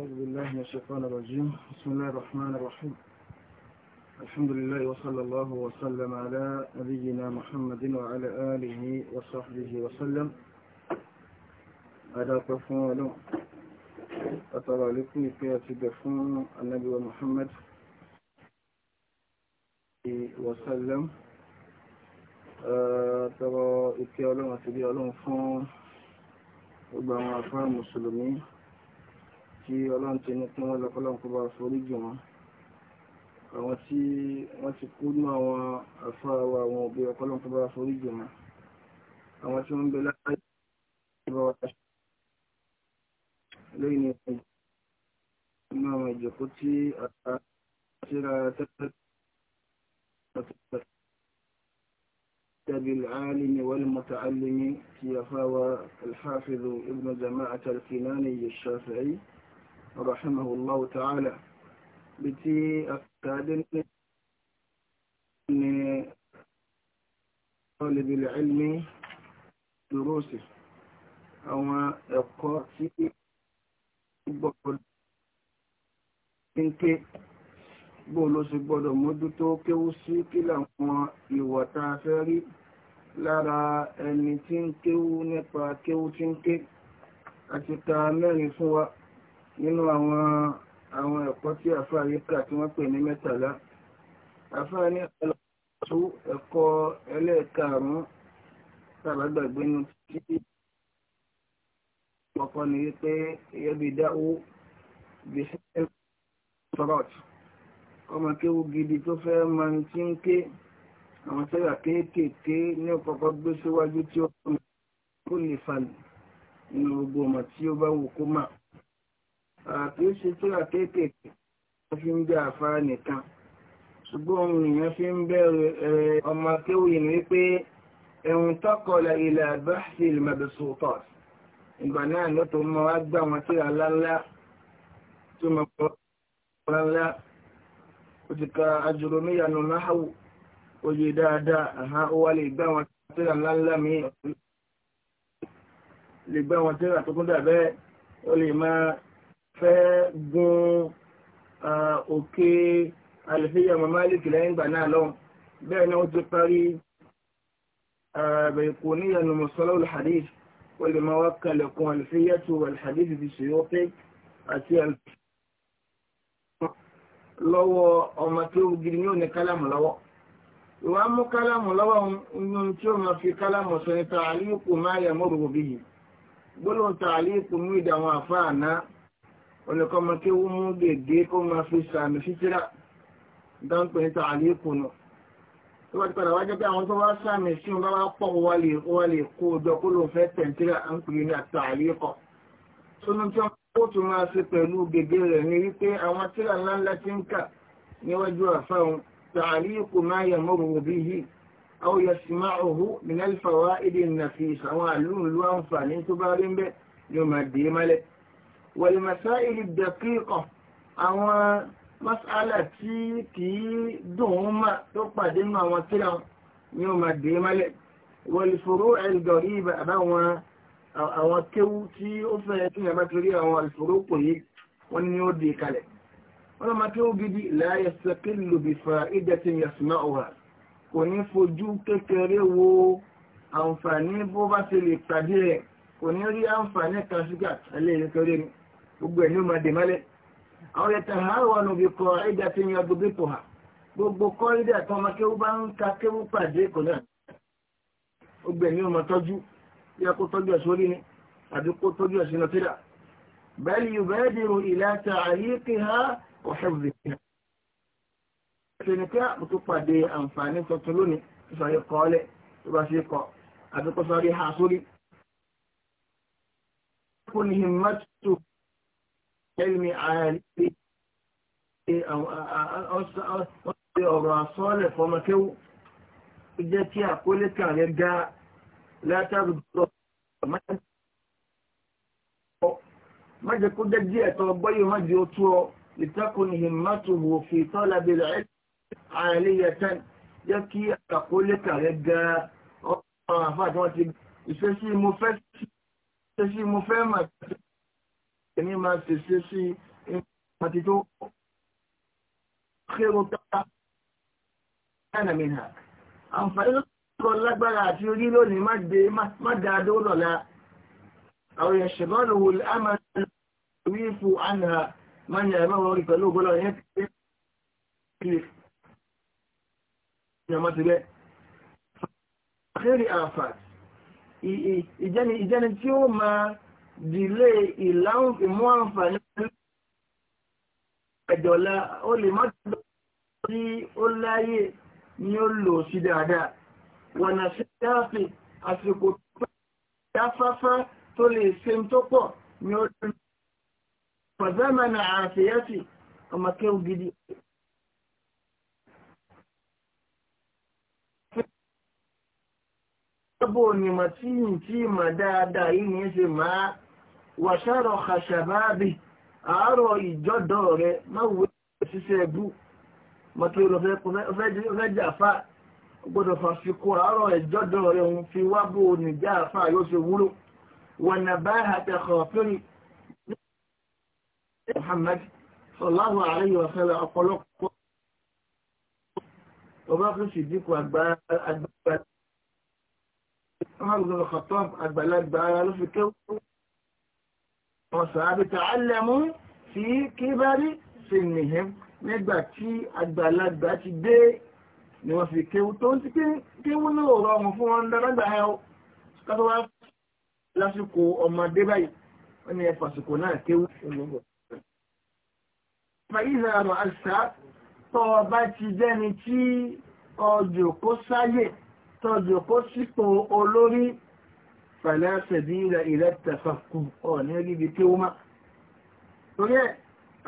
أعوذ بالله من الشيطان الرجيم بسم الله الرحمن الرحيم الحمد لله وصلى الله وسلم على نبينا محمد وعلى آله وصحبه وسلم على طفوله أترى لكم في أتدفون النبي محمد وسلم أترى إكي ألم أتدي ألم فون وبما أفعل مسلمين tí ọlọ́run ti ní kí wọ́n lọ kọ́lọ́n kó bá foríjì wọn àwọn tí wọ́n ti kú ní àwọn àfáà wa àwọn òbí ọkọ́lọ́n kó bá foríjì wọn àwọn tí wọ́n bẹ láàyè bá wa lẹ́yìn nínú àwọn ìjòkó tí a síra tẹ́tẹ́ بالعالم والمتعلم في يفاوى الحافظ ابن جماعة الكناني الشافعي رحمه الله تعالى بتي أكاديمي طالب العلم دروسه أو إقاطي بقول إنك ló sì gbọ́dọ̀ mójútó kéwú sí kí làwọn ìwà tá a fẹ́ rí lára ẹni tí ń kéwú nípa kéwú tí ń ké àti ta mẹ́rin fún wa nínú àwọn àwọn ẹ̀kọ́ tí àfáà rí kà tí wọ́n pè ní mẹ́tàlá àfáà ní ẹ̀kọ́ ẹ̀kọ́ ẹlẹ́ẹ̀karùn-ún tàbágbàgbé nu tí ọkọ ni wípé ẹbí dáwó gbèsè ẹ̀kọ́ ọmọ kéwu gidi tó fẹ́ máa ń tí ń ké àwọn sẹ́yà kéékèèké ní ọ̀pọ̀pọ̀ gbé síwájú tí ó kó lè falẹ̀ nínú gbogbo ọmọ tí ó bá wù kó máa àti ó ṣe tóra kéékèèké wọ́n fi ń gbé àfárá nìkan ṣùgbọ́n ohun èèyàn fi ń bẹ̀rù ọmọ akéwì ni wípé ẹ̀hùn tọ́kọ̀lá ilẹ̀ àbáṣe ìlmọ̀bẹ̀sọ̀tọ̀ ìgbà náà ló tó mọ wá gbà wọn síra láńlá tó mọ pọ̀ láńlá ó ti ka àjùrò níyanu náhàwù oyè dáadáa àhán ó wá lè gbà wọn síra láńlá mi lè gbà wọn síra tó kún ó lè máa fẹ́ gun òkè àlùfíà mamalik lẹ́yìn ìgbà náà lọ bẹ́ẹ̀ ni wọ́n ti parí bẹ̀rẹ̀ kò níyànjú mọ̀sálà olùhadith wọ́n lè máa wá kalẹ̀kùn àlùfíà tó alhadith fi ṣe ó pé àti àlùfíà lọ́wọ́ ọmọ tó gidi ní òní kálámù lọ́wọ́ ìwà mú kálámù lọ́wọ́ ohun tí ó máa fi kálámù sọ ní tààlíkù máa yẹ mọ́rùn-ún bí gbólóhùn tààlíkù mú ìdàwọn àfáà náà oníkọ́ ma kí ó mú gègé kó ma fi sàmì fítírà dáńpẹ̀ níta àlékún nù tó bá ti padà wájẹ́ pé àwọn tó wá sàmì sí wọn bá wá pọ̀ wá lè wá lè kó ọjọ́ kó ló fẹ́ tẹ̀ntírà ń pè ní àtà àlékọ̀ sónú tí wọn kó tó máa ṣe pẹ̀lú gègé rẹ̀ ni wípé àwọn tírà ńláńlá ti ń kà níwájú àfáwọn تعليق ما يمر به أو يسمعه من الفوائد النفيسة وعلون الوانفان انتبارين به يمدي ملك والمسائل الدقيقة àwọn masala tí kìí dùn ún mà tó pàdé nù àwọn tíra ni ó máa dé mọ́lẹ̀ والفروع الغريبة àbáwọn àwọn kéwú tí ó fẹ́ tí yàrá torí àwọn al-furuq kò yí wọ́n ní ó dé kalẹ̀ wọ́n lọ́ máa kéwú gidi لا يستقل بفائدة يسمعها kò ní fojú kékeré wo àǹfààní bó bá ti lè pàdé rẹ̀ kò ní rí àǹfààní kan ṣúgà ẹlẹ́yìn kéré ni. gbogbo ẹ̀yìn máa dè mọ́lẹ̀ àwọn ẹ̀tà àwọn òbí kọ ẹ̀dà tí yan gbogbo ipò hà gbogbo kọ́ ẹ̀dà tó ọmọ kéwú bá ń ka kéwú pàdé kò náà gbogbo ẹ̀yìn máa tọ́jú yẹ kó tọ́jú ẹ̀sùn orí ni àbí kó tọ́jú ẹ̀sùn yóò bẹ́ẹ̀ dìrò ha ọ̀ṣẹ́bùdì ha sórí. Kò ní علم عالي او اوس اوس او راسول فما كو جت يا كل كان يبدا لا تغدر ما ما يكون دجي اتوبي ما جوتو لتكن همته في طلب العلم عالية يكي أقول لك هدى فاتوات يسيسي مفاسي يسيسي مفاسي ní máa tẹ̀sẹ̀ sí àti tó kérò tọ́ta ẹ̀nàmìnà àǹfààní lọ́kọ̀ lágbára àti orí lónìí má dáadó lọ́la àwọn ìṣẹ̀bọ́nù wò lámà rí fún àná máa ní àìmọ́ wọn rí pẹ̀lú ògbọ́lọ̀ yẹn pé kí ni ọmọ ti bẹ́ àfẹ́rí àǹfààní ìjẹni tí ó máa dìlé ìláhùn ìmú àǹfààní ẹ̀dọ̀lá ó lè má tó tí ó láyé ni ó lò sí dáadáa wọ̀nà sí dáàfin àsìkò tó dáfáfá tó lè ṣe tó pọ̀ ni ó lè pàzámànà àṣeyásì ọmọkẹ́ ògidì Gbogbo ònìmọ̀ tí yìí tí ìmọ̀ dáadáa yìí ní ṣe máa wàṣàrọ̀ ṣàṣàbáàbì àárọ̀ ìjọ́dọ̀ rẹ̀ máwùú ṣiṣẹ́ ẹbú mọ́tò lọ fẹ́ jàfà gbọ́dọ̀ fàfikò àárọ̀ ìjọ́dọ̀ rẹ̀ ń fi wá bó ní jàfà yóò ṣe wúlò wọn nà bá àtẹ̀kọ̀ fúnni Muhammad sallallahu alayhi wa sallam ọ̀pọ̀lọpọ̀ ọba fún ṣìdíkù àgbàlagbà àgbàlagbà ló fi kéwòn ọ̀sàábí tààlẹ̀mú sí kíbárí sí nìhẹ́m nígbà tí àgbàlagbà ti dé ni wọ́n fi kéwú tó ń ti kéwú náà rọrùn fún wọn dárágbà ẹ̀ ọ́ kátó wá lásìkò ọmọdé báyìí wọ́n ni ẹ fàsìkò náà fàlá sẹ̀bílà ilẹ̀ tẹ̀fàkù ọ̀nà ibi tí ó má torí ẹ̀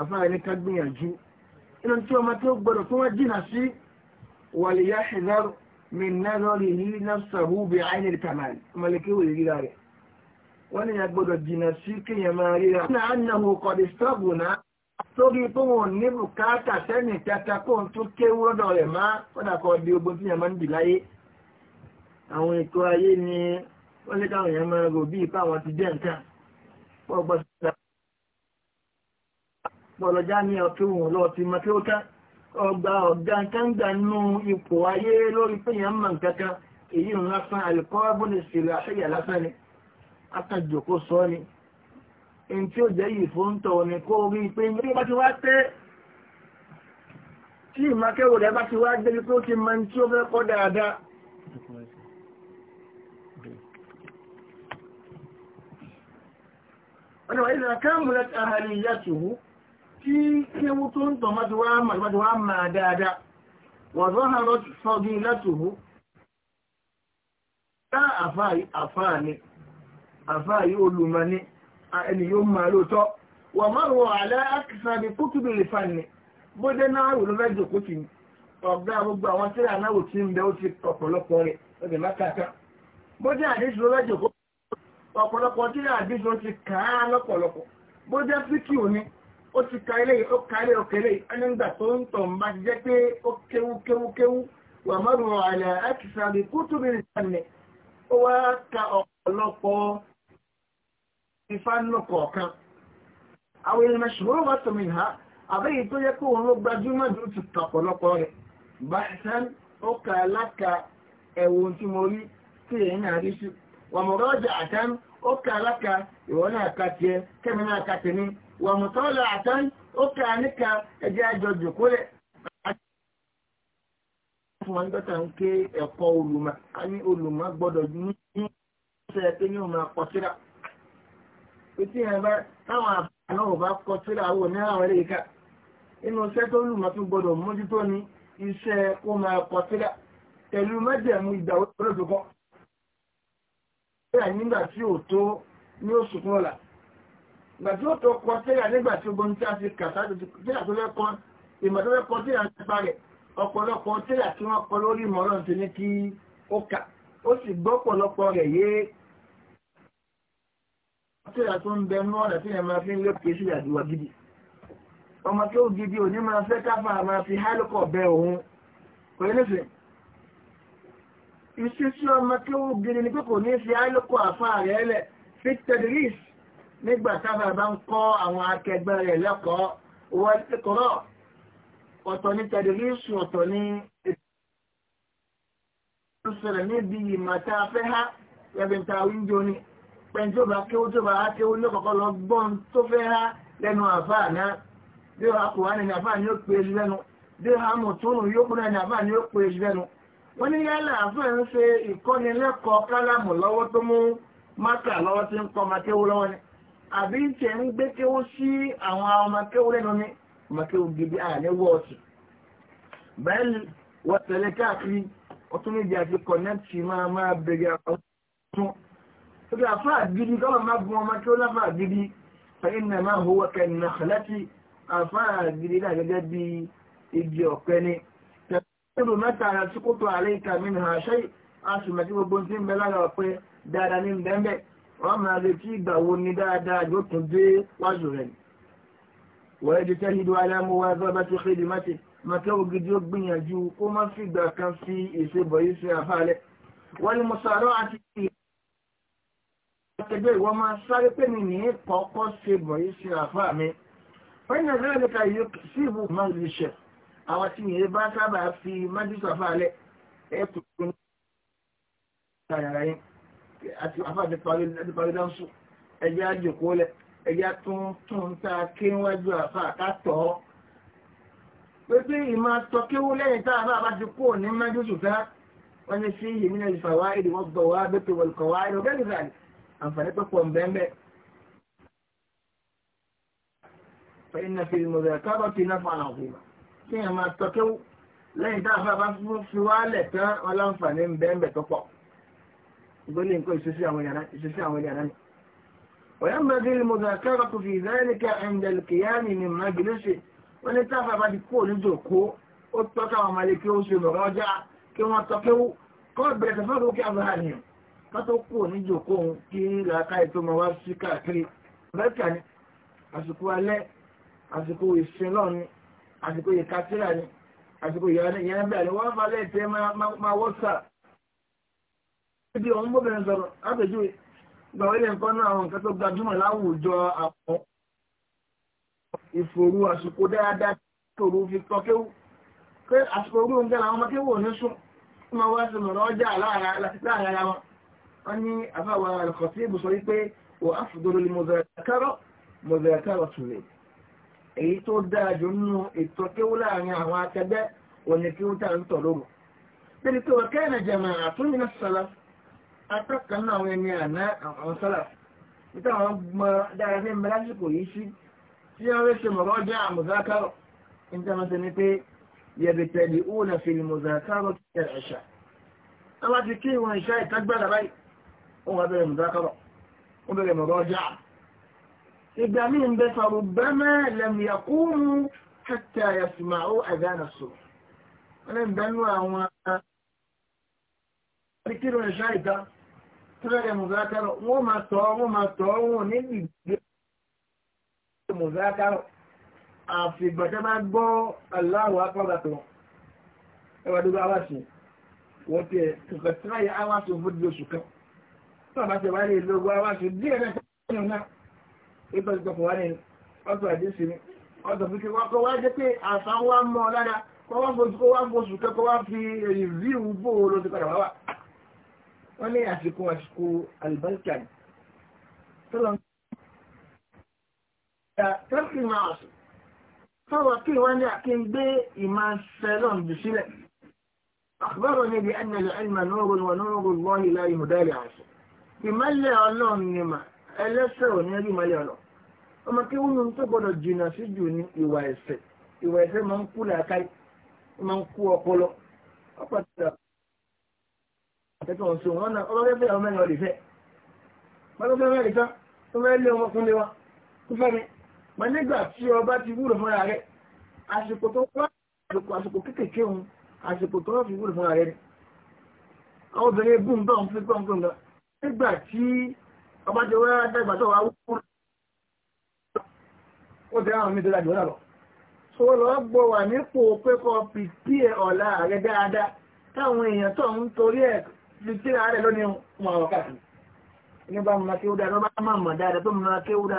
àfáà ní ká gbìyànjú inú tí ọmọ tí ó gbọdọ̀ tó wá jìnà sí wàlìyá ṣìdárò mìnàlọ́rì yìí náà sàbúbì àìní kàmáàlì ọmọlẹ́kẹ́wò ìríra rẹ̀ wọ́n ní agbọ́dọ̀ jìnà sí kíyàn máa ríra náà annahu qad istaghna torí pé wọn ní bùkátà sẹ́nì kẹta kó ń tún kéwú lọ́dọ̀ rẹ̀ má kọ́dà kọ́ di ogun tíyàn máa ń dì láyé àwọn ètò ayé ni wọ́n lé káwọn èèyàn máa rò bí ipá wọn ti jẹ́ nǹkan pọ̀ gbọ́ sí ọlọ́jà ní ọkẹ́ òun lọ ti mọ́ kí ó ká ọgbà ọ̀gá kángbà nú ipò ayé lórí péyàn mọ̀ nǹkankan èyí ń lásán àlùkọ́ọ́bù ní sílẹ̀ àṣẹyà lásán ni akànjòkó sọ ni ẹni tí ó jẹ́ yìí fún tọ̀ ni kó rí i pé ní bá ti wá tẹ́ tí ìmọ̀kẹ́wò rẹ̀ bá ti wá débi pé ó ti mọ ní tí ó fẹ́ kọ́ dáadáa wọ́n ni wọ́n ìlànà kẹ́mùlẹ̀ àhàlì ìyá tìhú tí kéwú tó ń tàn mọ́tíwá mọ́tíwá máa dáadáa wọ́n zọ́hàrọ̀ sọ́gí látìhú tá àfáàyí olùmọ́ni ẹni yóò máa lóòtọ́ wọ́n márùn-ún alẹ́ àkìsàbí kútùbì lìfàní bó dé náà rùlú mẹ́jọ kó ti ọ̀gá gbogbo àwọn tí ànáwò ọ̀pọ̀lọpọ̀ tí àdíjọ ti kà á lọ́pọ̀lọpọ̀ bó jẹ́ fíkì òní ó ti ka ilé ó ka ilé òkè tó ń tọ̀ bá ti jẹ́ pé ó kéwú kéwú kéwú wà mọ́rùn àlẹ́ àkìsàbí kútùbí ó wá ka ọ̀pọ̀lọpọ̀ àwọn ṣòro wà tó ha tó yẹ kó òun ló gbajúmọ̀ ti kà ọ̀pọ̀lọpọ̀ rẹ̀ bá ó kà láka ẹ̀wọ̀n rí tí wàmùrọ́jà àtàn ọ dị láka ìwọ náà ka tiẹ̀ kẹ́mi náà ka tèmi wàmùtọ́lá dọ́ta ń ké ẹ̀kọ́ olùmọ̀ ní olùmọ̀ gbọ́dọ̀ ní ṣe pé ní ọmọ akọsíra etí yẹn bá táwọn àbáná ò bá kọsíra ní àwọn ẹlẹ́yìí ká inú iṣẹ́ tó lùmọ̀ tó gbọ́dọ̀ mójútó ní iṣẹ́ kó máa kọsíra pẹ̀lú mẹ́jẹ̀mú ìgbà tẹ́yà nígbà tí ò tó ní oṣù kan ọ̀la ìgbà tí ó tó kọ tẹ́yà a ti kà sáájú tẹ́yà tó fẹ́ kọ́ ìmọ̀ tó fẹ́ kọ́ tẹ́yà nípa rẹ̀ ọ̀pọ̀lọpọ̀ tẹ́yà tí wọ́n kọ lórí ìmọ̀ràn tó ní kí ó kà ó sì gbọ́ pọ̀lọpọ̀ rẹ̀ yé tẹ́yà tó ń bẹ nú ọ̀rẹ́ tí yẹn máa fi ń lé kìí àdúrà gidi ọmọ tó gidi òní máa fẹ́ káfà máa fi hálùkọ̀ bẹ òun kò ìṣesí ọmọ tó wù gidi ni pé kò ní fi álòkò àfa rẹ̀ lẹ̀ fi tẹ̀dírís nígbà tábà bá ń kọ́ àwọn akẹgbẹ́ rẹ̀ lẹ́kọ̀ọ́ wọ́n ti kọ́rọ̀ ọ̀tọ̀ ní tẹ̀dírís ọ̀tọ̀ ní ìṣẹ̀lẹ̀ níbi ìmọ̀ tá a fẹ́ ni pẹ̀ntí kí ó tó bá ó ní lọ gbọ́n tó fẹ́ há lẹ́nu àfa náà bí ó wọ́n ní yálà àfẹ́ ń ṣe ìkọ́nilẹ́kọ̀ọ́ kálámù lọ́wọ́ tó mú mákà lọ́wọ́ tí ń kọ́ ọmọ kéwú lọ́wọ́ ni àbí tẹ̀ ń gbé kéwú sí àwọn ọmọ kéwú lẹ́nu ní ọmọ kéwú gidi àní wọ́ọ̀sì bẹ́ẹ̀ni wọ́n tẹ̀lé káàkiri ọtún níbi àti kọ̀nẹ́tì máa máa bèrè àwọn tún ó àfáà gidi kọ́mọ má gun ọmọ kéwú láfáà gidi fẹ́yìn náà máa hùwà níbo mẹ́ta ara tí kò tó àlẹ́ ìka mi nìhàn ṣe àṣùmọ̀ tí gbogbo ti ń bẹ lára pé dáadáa ní bẹ́ẹ̀ wọ́n máa retí ìgbà wo ni dáadáa yóò tún dé wájú rẹ̀ wọ́n ti tẹ́hìdú alámú wa bá bá ti xèdè mọ́tì mọ́tẹ́wò gidi ó gbìyànjú kó má fi ìgbà kan fi èsè bọ̀ sí àfàlẹ́ wọ́n ni mọ̀sàrọ̀ àti ẹgbẹ́ ìwọ máa sáré pé àwọn tí yìí bá sábà fi májúsù àfàlẹ́ ẹ̀kùn tó ní ìtàyàrá yẹn àti àfàdé parí dáńsù ẹjẹ́ àjòkólẹ̀ ẹjẹ́ tuntun ta kéwájú àfà kátọ̀ pépé ìmọ̀ tọ́kéwó lẹ́yìn tá àfà bá ti kó ní májúsù tá wọ́n ní sí yìí nínú ìfàwá èdè wọ́n gbọ̀ wá bẹ́tẹ̀ wọ̀lùkọ̀ wá èdè ọ̀gẹ́ nìkan àǹfààní tó pọ̀ mbẹ́mbẹ́ فإن في المذاكرة نفعا عظيما kí èèyàn máa tọ́kẹ́wò lẹ́yìn tá a fẹ́ bá fi wálẹ̀ tán ọlọ́nfààní ń bẹ́ẹ̀ bẹ̀ tó pọ̀ ìgbélé nǹkan ìṣesí àwọn ènìyàn náà ni. وينبغي المذاكرة في ذلك عند القيام من مجلسه wọ́n ní táfà bá ti kúrò ní jòkó ó tọ́ka àwọn ọmọlé kí ó ṣe lọ́rọ̀ ọjà kí wọ́n tọ́kẹ́ wú kọ́ bẹ̀rẹ̀ tẹ̀fẹ́ ló kí àbúrà nìyàn ká tó kúrò ní òun kí làákà ètò ọmọ wa sí káàkiri bẹ́ẹ̀kà ni àsìkò alẹ́ àsìkò ìsìn àsìkò yẹ kátírà ni àsìkò yẹn bẹ́ẹ̀ ni wọ́n máa lẹ́yìn tẹ́ máa wọ́sà. ibi ọ̀hún bóbìnrin sọ̀rọ̀ látọ̀júwe gba orí nǹkan náà àwọn nǹkan tó gbajúmọ̀ láwùjọ àwọn ìfòrú àsìkò dáadáa tòrò fi kọ́ kéwù pé àsìkò orú oúnjẹ làwọn ọmọ kéwù ní sùn tí máa wá sí mọ̀rọ̀ ọjà láàrin ara wọn wọ́n ní àfáwọn àlùkọ̀ èyí tó dáa jù nínú ètò a láàrin àwọn akẹgbẹ́ òní kí ó dáa ń tọ̀ na Bẹ́ẹ̀ni pé wọ́n kẹ́rin jẹ̀mọ̀ àtúnyìn sọ́lá, ya àwọn ẹni àná àwọn sọ́lá. Níta gbọ́ dára ní ìmọ̀ yìí sí, tí wọ́n rẹ̀ ṣe mọ̀rọ̀ jẹ́ àmùzákárọ̀. pé yẹ̀bì tẹ̀lé òun ẹ̀ṣà. ìgbà míì ń bẹ farubama lam yaqumu hatta yasma'u adhana as-subh wọ́n lè bẹ́nu àwọn àríkìrò ẹ̀ṣá ìta tẹ́lẹ̀ mùzákàrọ̀ wọ́n máa tọ́ wọ́n máa tọ́ wọn ní ìgbé mùzákàrọ̀ àfi ìgbàjẹ́ máa gbọ́ Allahu akbar tó ẹwà dúró awáṣe wọ́n tẹ kẹkẹtìláyà awáṣe fún oṣù kan tó àbáṣe wáyé lógún awáṣe díẹ̀ náà ìtọ́ ti tọkọ̀ wá ní ọ̀tọ̀ àdísì ni ọ̀tọ̀ fi kí wọ́n kọ́ wá jẹ́ pé àṣà wá mọ́ lára kọ́ wá fojú kọ́ wá foṣù kẹ́kọ́ wá fi èyí rí ìwúgbò ló ti padà wá wà. wọ́n ní àsìkò àsìkò àlùbáríkà ni tó lọ tẹ́sí máa sùn fọwọ́ kí wọ́n ní àkí ń gbé ìmọ̀ sẹ́lọ̀n jù sílẹ̀ àkùbọ̀rọ̀ níbi ẹnìyàn ẹnìyàn nọ́ọ̀rọ̀ wọn nọ́ọ̀rọ̀ lọ́ọ̀hìn láyé mọ̀dálì àṣọ ọmọ kí wọ́n tó gbọ́dọ̀ jìnnà sí jù ní ìwà ẹ̀ṣẹ̀ ìwà ẹ̀ṣẹ̀ máa ń kú làákàyè máa ń kú ọpọlọ ọpọlọ àtẹ̀tọ̀ ọ̀sùn wọn náà ọlọ́fẹ́ fẹ́ ọmọ ẹ̀yàn lè fẹ́ pàtó fẹ́ mẹ́rin tán tó fẹ́ lé ọmọ fún lé wa tó fẹ́ mi mà nígbà tí ọba ti wúlò fúnra rẹ̀ àsìkò tó wá àsìkò kékèké òun àsìkò tó wá fi wúlò fúnra rẹ̀ ni àwọn obìnrin bùn bá òun fi gbọ́n nígbà tí ọba ti wá dàgbà tó wá wúlò ó ti ráhùn mi tó dájú ọ̀dà lọ. so lọ gbọ́ wà nípò pé kọ́ pìpì ẹ̀ ọ̀la rẹ̀ dáadáa táwọn èèyàn tó ń torí ẹ̀ fi tí ara rẹ̀ lónìí wọn ọ̀rọ̀ káàkiri. ní bá mo máa kéwú dáadáa bá máa mọ̀ dáadáa tó mo máa kéwú ó kó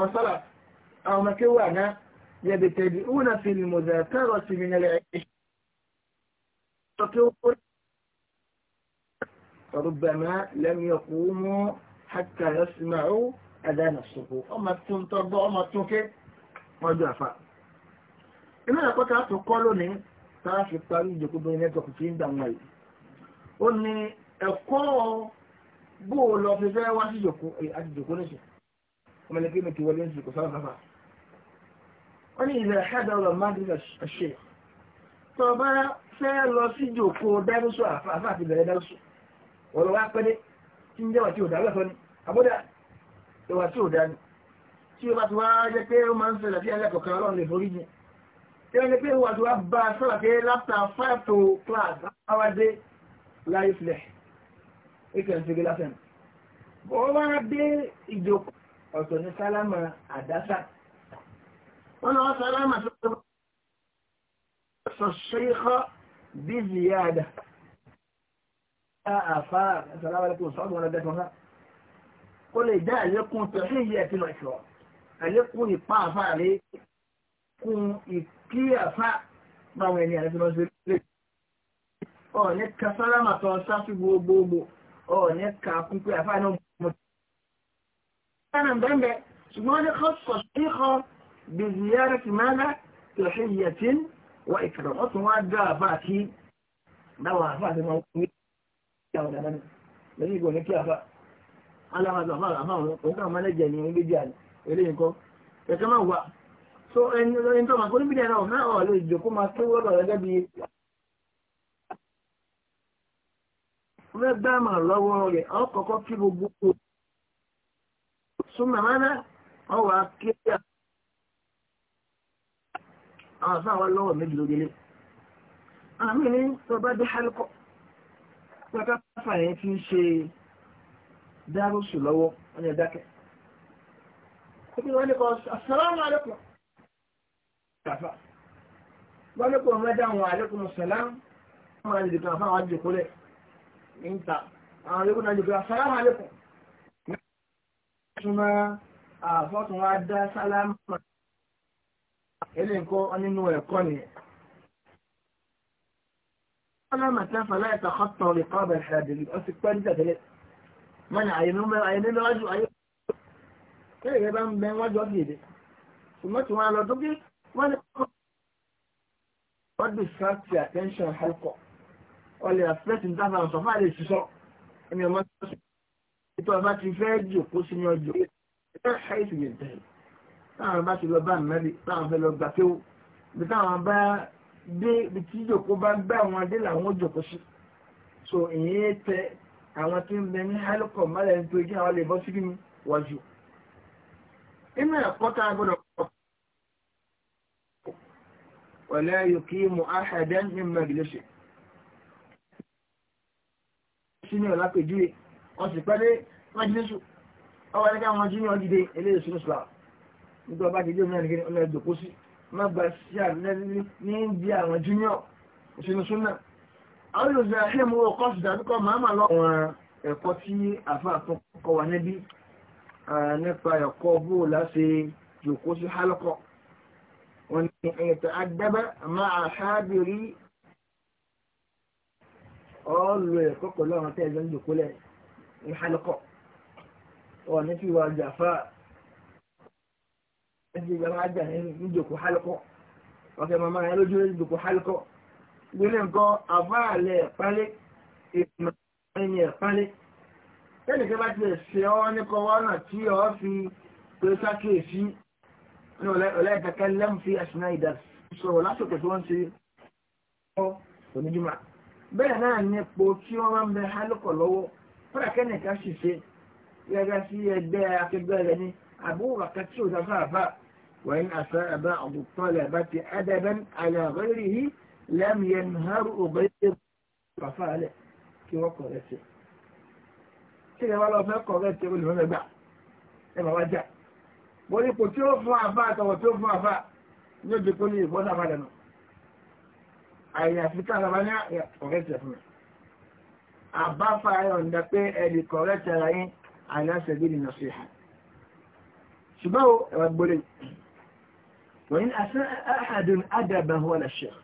àwọn ọmọ kéwú àná يبتدئون في المذاكرة من العشق فربما لم يقوموا حتى يسمعوا أذان الصفوف ọmọ tí ń tọ́gbọ́ ọmọ tún ké ọjọ́ àfà inú ẹ̀kọ́ ta tó kọ́ lónìí tára fi parí ìjòkóbó ilẹ̀ tó fi ń dà wọ́n yìí ó ní ẹ̀kọ́ bó lọ fi fẹ́ wá sí ìjòkó nìṣẹ́ ọmọ ilẹ̀ kí ni ti wọlé ń sìnkú sára sáfà wọ́n ní ìlẹ̀ ẹ̀ṣẹ́dọ̀ ọ̀rọ̀ madrid ṣe tó o bá fẹ́ lọ sí ìjòkó dárúsù àfáà ti bẹ̀rẹ̀ dárúsù ọ̀rọ̀ wa pẹ́dẹ́ tí ń jẹ́wà tí ò dá lọ́sọ ni àbúdá ìwà tí ò dá ni tí o bá ti wá jẹ́ pé ó máa ń ṣẹlẹ̀ sí ẹlẹ́kọ̀ọ́ kan ọlọ́run lè forí jìn tí wọ́n ní pé ìwà tí wá bá a sọ̀rọ̀ pé láta five to class àwa dé láyé filẹ̀ ìkẹ̀yìn ti gbé lásán bọ́ wá dé ìjòkó ọ̀tọ̀ ní sálámà àdásà ولو سلامة الشيخ بزيادة أفا السلام عليكم صعب ولا بيت وفا قل ده لكم تحية العشرة لكم يطافى عليكم يكيفى báwọn ẹni àti lọ́sẹ̀ lè ọ̀ní ka sálámà tó ń sáfì gbogbogbò ọ̀ní ka kún pé àfáà náà mọ̀ ṣùgbọ́n ní kọ́ sọ̀ sí kan بزيارة مانا تحية وإكرام أطمع جافاتي دوا فات موقعي يا ولد الذي يقول لك يا فا على ما ظهر أمامه وكما من الجنين من بجان إليه يقول فكما هو so en lo en toma con bien no no lo yo como hace uno lo haga bien una dama lo hago le a poco que bubu suma mana o aquí àwọn àfáà wá lọ́wọ́ méjì lórí ilé àmì ní tọba dé hálùkọ́ pẹ́ká fà yẹn fi ń ṣe dárúsù lọ́wọ́ wọn ni ẹ̀dákẹ́ kókí wọn ni kọ́ assalamu alaikum kàfà wọn ni kò mẹ́ta àwọn alaikum salam wọn ni dìkan fáwọn àjòkólẹ̀ níta àwọn yóò náà jùlọ assalamu alaikum. Súnmọ́ àfọ́tún wa dá sálámù ilé nǹkan nínú ẹ̀kọ́ nìyẹn. أنا مسافة لا يتخطى رقاب الحاجل أسكبان ذلك من عينو من عينو من رجل عينو كيف يبقى من وجه وفيده ثم تقول على ضبي وانا What distracts your attention helpful? All your faith in that and so far is so. And your mother, it was about to fail you, pushing your joy. Your faith will tell you táwọn bá ti lọ bá ànábì táwọn fẹ́ lọ gbà kéwò bí táwọn bá dé ibi tí ìjòkó bá gbé àwọn adé làwọn òjòkó sí so ìyẹn tẹ àwọn tí ń bẹ ní hálùkọ̀ mọ́lẹ̀ nítorí kí àwọn lè bọ́ sí kíni wájú. inú ẹ̀kọ́ tá a gbọ́dọ̀ kọ́ wala yuqimu ahadan min majlisi. sínú ọ̀la pèjúwe wọ́n sì pẹ́ dé májèlésù ọwọ́ ẹ̀ka wọn jí ní ọdíde eléyìí sínú sùlá nítorí ọba ti dé òun náà nìkan ọ̀nà ìjòkó sí má gba sí àdínẹ́lẹ́lẹ́ ní bí àwọn júnior òṣèlú súnà àwọn yóò zara ṣe mú ọkọ̀ ṣùgbọ́n àdúkọ̀ màmá lọ. àwọn ẹ̀kọ́ tí àfa àtọkọ wà níbí nípa ẹ̀kọ́ bó o láṣe jòkó sí hálọ́kọ̀ wọn ni ẹ̀yẹ̀tọ̀ agbábá máa ṣáàbìrì ọ̀ọ́lù ẹ̀kọ́ pẹ̀lú àwọn tẹ́ẹ̀jọ́ ẹsẹ̀ ìjọba ajá níjòkó hálùkọ́ ọ̀kẹ́ màmá yẹn lójú níjòkó hálùkọ́ gbélé nǹkan àbáàlẹ̀ pálí ìmọ̀ ẹ̀yìn pálí tẹ́lẹ̀ kẹ́ bá ti ṣe ọ́ ní kọ́wọ́nà tí ọ́ fi pé sákèésí ní ọ̀lẹ́ẹ̀kẹ́kẹ́ lẹ́m fi àṣìná ìdá sọ̀rọ̀ lásìkò tí wọ́n ṣe ọ́ oníjúmọ̀ bẹ́ẹ̀ náà ní epo tí wọ́n máa ń bẹ hálùkọ̀ lọ́wọ́ fúnra kẹ́nìkan ṣiṣẹ́ gẹ́gẹ́ sí ẹgbẹ́ akẹgbẹ́ rẹ ní àbúrò àkàtì òdàfà àfà وإن أساء بعض الطلبة أدبا على غيره لم ينهر غير فعله kí wọ́n kọ̀ rẹ̀ sí kí ni wọ́n lọ fẹ́ kọ̀ rẹ̀ tí ó lè fẹ́ gbà ẹ bàbá jà mo ní kò tí ó fún àfá àtọwọ̀ tí ó fún àfá ní ojú kó ní ìbọn náà lẹ́nu àyè àfikà àlàbá ní ọ̀rẹ́ tẹ̀ fún mi àbáfà ayọ̀ ń dẹ pé ẹnì kọ̀ rẹ̀ tẹ̀ ara yín àìláṣẹ́ bí nìyàn sí ha ṣùgbọ́n ẹ̀wà gbọ́dọ̀ yìí وإن أساء أحد أدبه ولا الشيخ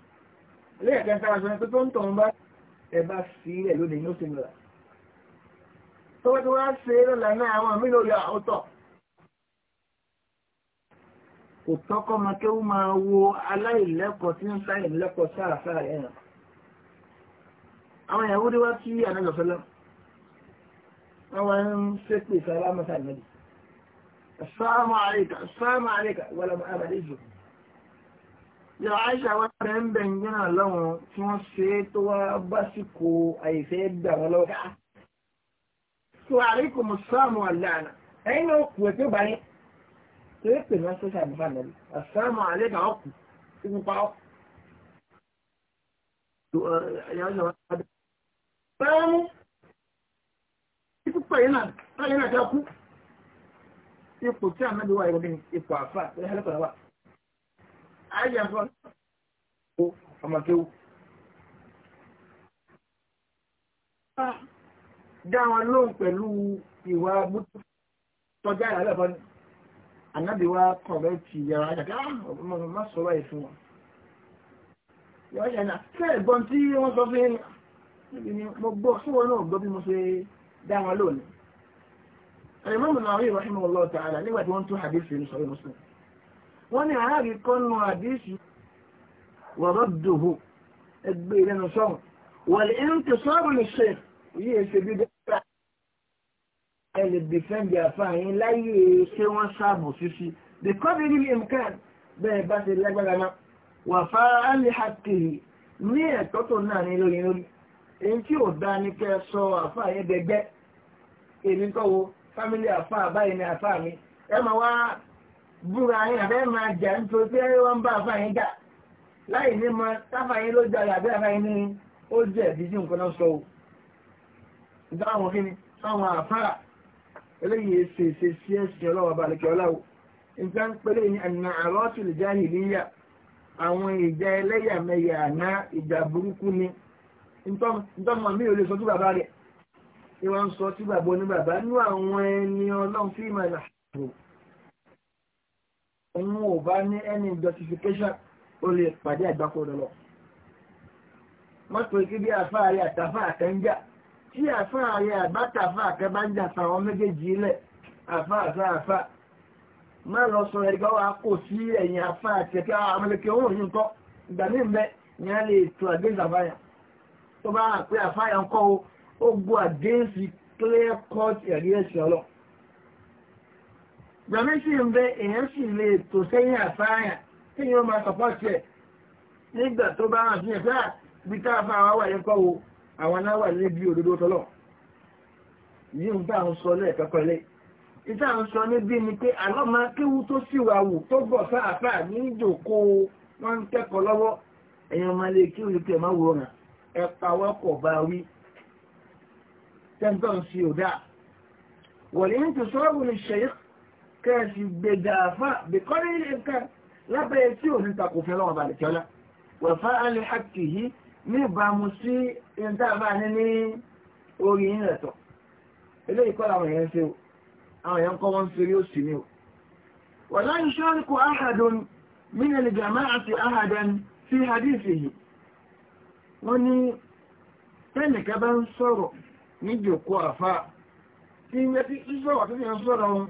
ليه كان تعالى سنة تنتم بس إبا سيئة لوني نوتن لا tó tí wọ́n ṣe lọ́lànà àwọn àmì lórí àwọ́tọ̀. kò tọ́kọ́ ma kí ó máa wo aláìlẹ́kọ̀ọ́ tí ń sáyẹ̀ lẹ́kọ̀ọ́ sáàsáà ẹ̀yàn àwọn ìyàwó rí wá sí àdájọ́sọ́lá wọ́n wá ń ṣépè sára mọ́sàlẹ́dì sáàmà àríkà wọ́n lọ́mọ àbàdé ìjọba yọ àìṣà wá bẹ̀ẹ̀bẹ̀ ìgbìnà lọ́wọ́n tí wọ́n ṣe tó wá básìkò àìfẹ́ dàwọn lọ́wọ́ so àríkò mùsùlùmù àlànà ẹ̀yìn náà kù ẹ̀tí ó bá yẹn tó yẹ pè náà sọ́sà àbúfà náà àsàmù àlẹ́kà ọkù tí mo pa ọkù. báwo ìtúpọ̀ yìí náà báyìí náà ti ọkù ipò tí àmì ìwà ìròyìn ipò àfà àyàfọ́ ó ọmọkéwù. Ah. dá wọn lóhùn pẹ̀lú ìwà mútu tọjá ìrànlẹ́ fún ànábì wa kọ̀ọ̀rẹ́ ti yàrá àjàká ah, ọmọ má sọ̀rọ̀ ẹ̀ fún wọn. yọ̀ọ́ yẹn náà fẹ́ ẹ̀gbọ́n tí wọ́n sọ fún yẹn mo gbọ́ sí wọn náà gbọ́ bí mo ṣe dá wọn lónìí. ẹ̀rọ mọ́mọ́ wọ́n ní àárí kọ́nù àdíṣù wọ̀rọ̀dùhù ẹgbẹ́ ìlẹ́nu sọ́run wọ̀lẹ̀ ń tẹ sọ́run ní ṣe yíyẹ ṣe bí dẹ́gbà ẹ lè dìfẹ́ǹdì àfààyàn láyé ṣé wọ́n sáàbù sísí the covid imkan bẹ́ẹ̀ bá ṣe lágbára náà wà fá alẹ́ hàkìrì ní ẹ̀tọ́ tó náà ní lórí lórí èyí tí ò dá ní kẹ́ sọ àfààyàn dẹgbẹ́ èmi kọ́ wo fámílì àfààbáyìí ní àfààmì ẹ máa wá búra yín àbẹ́ máa jà nítorí pé wọ́n ń bá àfààyàn jà láì ní mọ sáfààyàn ló jà àbí àfààyàn ní ó jẹ́ ẹ̀bí sí nǹkan náà sọ o. ìgbà àwọn kí ni àwọn àfárà eléyìí ṣe ṣe sí ẹ̀sìn ọlọ́wọ́ balẹ̀kẹ́ ọláwo nǹkan ń pẹ́lẹ́ ní àná àrọ́tù lè já ìlíyà àwọn ìjà ẹlẹ́yàmẹ̀yà àná ìjà burúkú ni ntọ́mọ mi ò lè sọ tí bàbá rẹ̀ ìwà ń sọ tí bàbá oníbàbá nú àwọn ẹni ọlọ́run fíìmù àlàfo òun ò bá ní any justification ó lè pàdé àgbákòrò lọ mọ́tò ikú bí àfáàrí àtàfà àtẹ́ńjà tí àfáàrí àbátàfà àtẹ́bánjà fáwọn méjèèjì ilẹ̀ àfá àfá àfá má lọ sọ ẹ̀gbá wa kò sí ẹ̀yìn àfá àti ẹ̀kẹ́ ah, àmọ́lẹ́kẹ́ òun òyìn kọ́ ìgbà ní ìbẹ́ ni a lè tó àgbéǹsì àfáyà tó bá pé àfáyà ń kọ́ o ó gbọ́ àgbéǹsì clear cut ẹ̀rí ẹ̀sìn ọlọ́ọ̀ gbàmẹ́sì ń bẹ èèyàn sì lè tò sẹ́yìn àfáàyàn tí yóò máa sọpọ́tì ẹ̀ nígbà tó bá hàn fihàn sáà bí tá a fa àwọn wà lẹ́kọ́ wo àwọn náà wà níbi òdodo tọ́lọ̀ yìí ń bá ń sọ lẹ́ẹ̀kọ́kọ́ lé ìta ń sọ níbí ni pé àlọ́ máa kéwu tó sì wà wù tó bọ̀ sáàfà ní ìjòkó wọn ń kẹ́kọ̀ọ́ lọ́wọ́ èèyàn máa lè kí olùkí ẹ̀ máa wòran ẹ pawọ́pọ̀ bá wí tẹ́ńtọ́n sí ò dáa wọ̀lẹ́ ń sọ́ọ́bù ní ṣẹ́yìn kẹ́ẹ̀sì gbèjà àfá bìkọ́rí ìlẹ́kẹ́ lábẹ́ tí ò ní takò fẹ́ lọ́wọ́ balẹ̀ tíọ́lá wẹ̀fá alẹ́ àti yìí ní ìbámu sí ìntàbà ní ní orí ìrẹ̀tọ̀ eléyìí kọ́ làwọn èèyàn ṣe o àwọn èèyàn kọ́ wọ́n òsì ni o wà láyé ahadun min al-jama'ati ahadan fi hadithihi wọ́n ní tẹ́nìkẹ́ bá ń sọ̀rọ̀ níjòkó àfá tí ń yẹ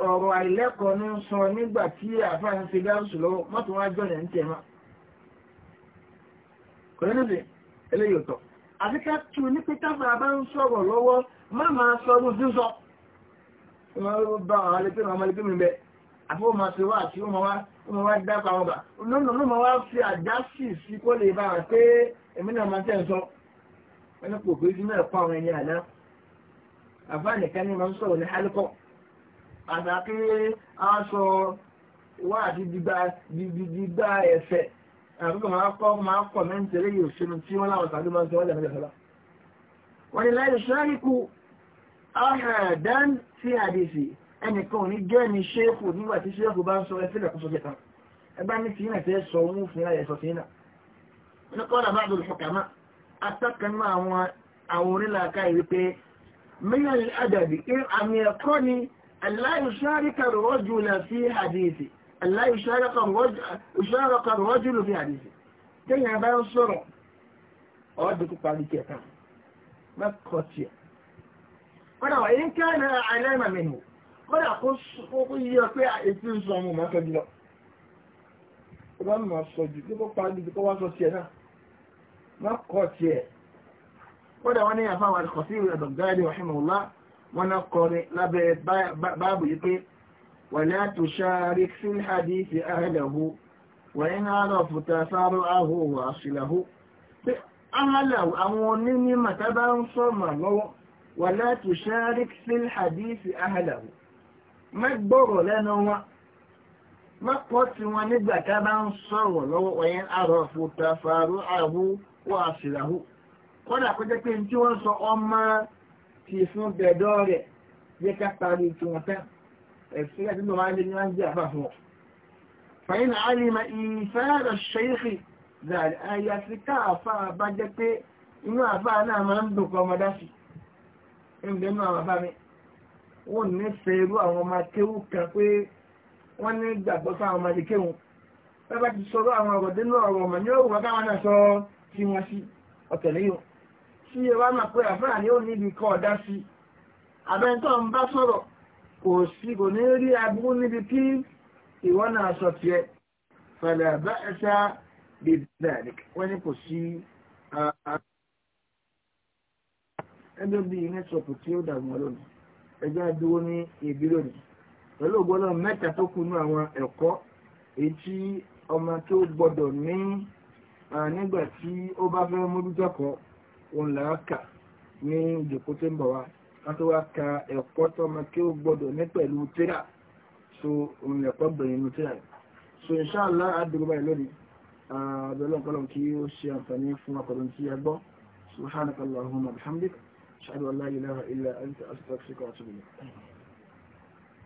ọ̀rọ̀ àìlẹ́kọ̀ọ́ ní sọ nígbà tí àfáà ń fi gáàsù lọ́wọ́ mọ́tò wá jọ̀nà ń tẹ̀mọ́ kò nínú sí eléyìí ọ̀tọ̀ àti ká tu ní pé táfà bá ń sọ̀rọ̀ lọ́wọ́ má máa sọ ọdún sí sọ wọ́n bá àwọn alẹ́pẹ́ àwọn alẹ́pẹ́ mi bẹ́ àfi ó máa ti wá àti ó máa wá ó máa wá dápa àwọn bà lónà ló máa wá fi àdásì sí kó lè bá pé èmi náà máa tẹ̀ ń sọ wọn ní kò pé sí náà pa àwọn ẹni àná àfáà nìkan ni máa ń sọ̀rọ̀ ní hálíkọ̀ọ́ àtàkì aṣọ wà àti dìgbà ẹ̀fẹ̀ àbúkọ̀ máa kọ́ máa kọ̀ mẹ́ǹtì eléyìí òṣèlú tí wọ́n láwọn sàdúmọ́ sí wọ́n lẹ́mẹ́lẹ́ sọ́lá wọ́n ni láì ṣáríkù ọ̀hẹ̀dán sí àdìsí ẹnìkan ò ní jẹ́ ni ṣéèkù nígbà tí ṣéèkù bá ń sọ ẹfẹ́ lẹ́kọ́ sókè kan ẹgbẹ́ ní tìǹà tẹ́ sọ ohun fún ẹ̀yẹ sọ tìǹà ní kọ́lá bá dùn ṣọ̀kàmá atọ́kànnà àwọn àwọn orílẹ̀-àká ìwé pé mílíọ̀nù àdàbí àmì ẹ̀kọ́ ni أن يشارك الرجل في حديثه أن يشارك الرجل, يشارك الرجل في حديثه تيها بقى الصرع أودك قالك يا ما تخطي قال وإن كان علامة منه قال قص قضية في إتنصامه ما تجلق wọ́n máa sọ jù kí kó pa níbi kó wá sọ tiẹ̀ náà wọ́n kọ́ tiẹ̀ kódà wọ́n ní àfáwọn àkọsí ìrìn àdọ̀gáàdì wàhímọ̀lá wọ́n náà kọrin lábẹ́ báàbù yìí pé wala tusharik fil hadithi ahlahu wa in arafta sar'ahu wa aslahu pé ahlahu àwọn onímọ̀ tábà ń sọ̀mọ̀ lọ́wọ́ wala tusharik fil hadithi ahlahu má gbọ́rọ̀ lẹ́nu wọn má kọ́ tí wọn lọ́wọ́ wa in arafta sar'ahu wa aslahu kọ́dà kó ti fún bẹ̀dọ́ rẹ̀ jẹ́ ká parí tí wọ́n tán ẹ̀sìn àti bàbá ilé ní wọ́n jẹ́ àfà fún wọn. fàyínà alìmà ìfẹ́rẹ̀ ṣẹ́yìkì dàrí àyàfi ká àfà bá jẹ́ pé inú àfà náà máa ń dùn kọ́ ọmọdá sí ń bẹ́ẹ̀ náà bàbá mi wọ́n ní fẹ́rú àwọn ọmọ akéwù kan pé àwọn ọmọ tí ẹ wá máa pé àfáà ní ó níbi kọ́ ọ̀dá sí abẹ́ntọ́ ń bá sọ̀rọ̀ kò sí kò ní rí agbó níbi kí ìwọ́n náà sọ tiẹ̀ fẹ̀lẹ̀ bá ẹ̀ṣá bèbè wọ́n ní kò sí ẹgbẹ́ bí nẹ́tíwọ̀pù tí ó dàgbù ọlọ́run ẹgbẹ́ àdúgbò ní ìbí lónìí pẹ̀lú ògbọ́nà mẹ́ta tó kù ní àwọn ẹ̀kọ́ èyí ọmọ tó gbọ́dọ̀ ní nígbà tí ó bá fẹ́ mójútó òun là á kà ní ìjòkó tó ń bọ̀ wá kátó wá ka ẹ̀kọ́ tó ma kí ó gbọ́dọ̀ ní pẹ̀lú tíra so òun lẹ̀kọ́ gbẹ̀yìn ní tíra yìí so inṣáàlá àdúgbò báyìí lónìí àbẹ̀lẹ̀ ọ̀pọ̀lọ̀ kí ó ṣe àǹfààní fún akọ̀dọ̀ tí a gbọ́ subhanakallahumma bihamdik ashhadu an la ilaha illa anta astaghfiruka wa atubu